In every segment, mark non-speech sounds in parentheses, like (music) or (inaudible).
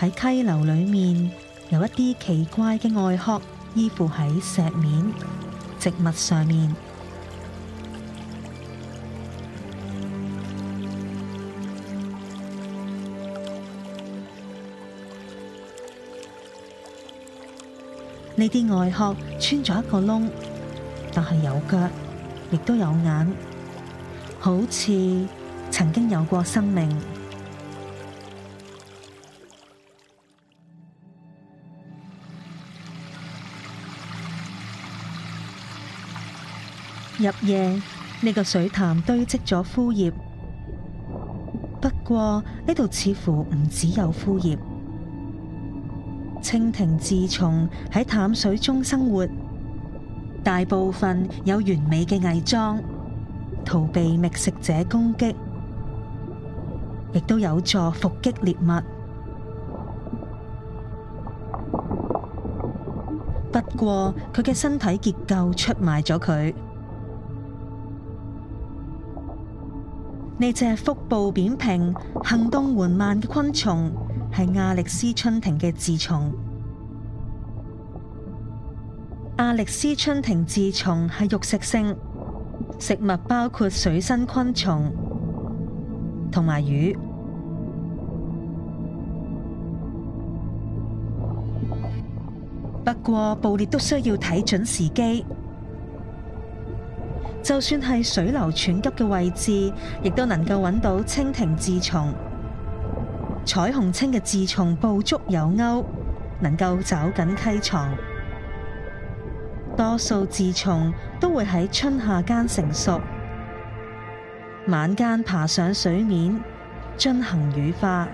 喺溪流裏面，有一啲奇怪嘅外殼依附喺石面、植物上面。呢啲 (noise) 外殼穿咗一個窿，但係有腳，亦都有眼，好似曾經有過生命。入夜，呢個水潭堆積咗枯葉。不過呢度似乎唔只有枯葉。蜻蜓自從喺淡水中生活，大部分有完美嘅偽裝，逃避覓食者攻擊，亦都有助伏擊獵物。不過佢嘅身體結構出賣咗佢。呢隻腹部扁平、行動緩慢嘅昆蟲係亞歷斯春蜓嘅稚蟲。亞歷斯春蜓稚蟲係肉食性，食物包括水生昆蟲同埋魚。不過捕獵都需要睇準時機。就算係水流湍急嘅位置，亦都能夠搵到蜻蜓稚蟲。彩虹青嘅稚蟲捕捉有鈎，能夠找緊溪床。多數稚蟲都會喺春夏間成熟，晚間爬上水面進行羽化。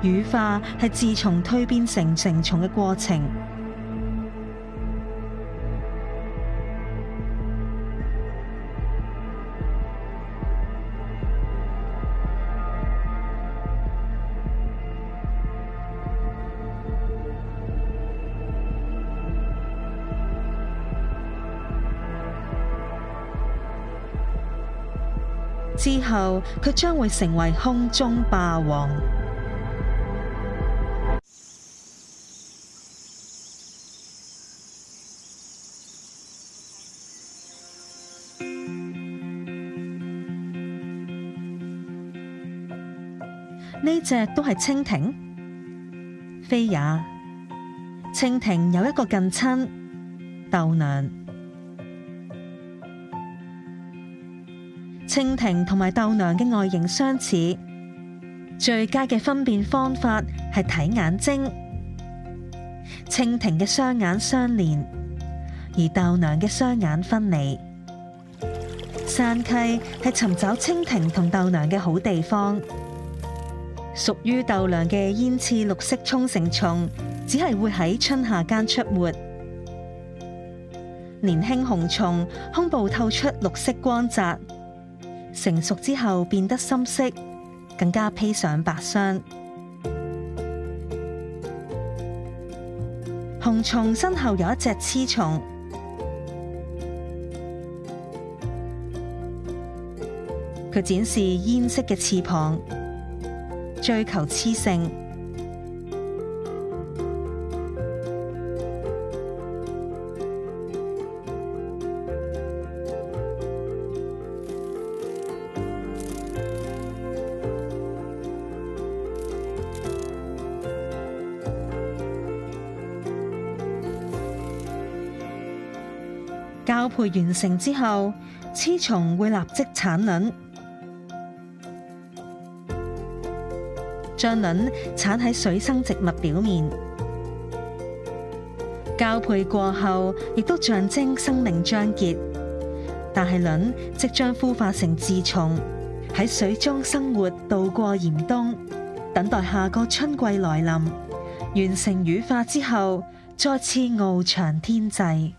羽化係稚蟲蛻變成成蟲嘅過程。之後，佢將會成為空中霸王。呢隻都係蜻蜓？非也。蜻蜓有一個近親，豆娘。蜻蜓同埋豆娘嘅外形相似，最佳嘅分辨方法係睇眼睛。蜻蜓嘅雙眼相連，而豆娘嘅雙眼分離。山溪係尋找蜻蜓同豆娘嘅好地方。屬於豆娘嘅煙翅綠色蟌成蟲，只係會喺春夏間出沒。年輕雄蟲胸部透出綠色光澤。成熟之後變得深色，更加披上白霜。雄蟲身後有一隻雌蟲，佢展示煙色嘅翅膀，追求雌性。交配完成之後，雌蟲會立即產卵，將卵產喺水生植物表面。交配過後，亦都象徵生命將結，但係卵即將孵化成稚蟲喺水中生活，度過嚴冬，等待下個春季來臨，完成羽化之後，再次翱翔天際。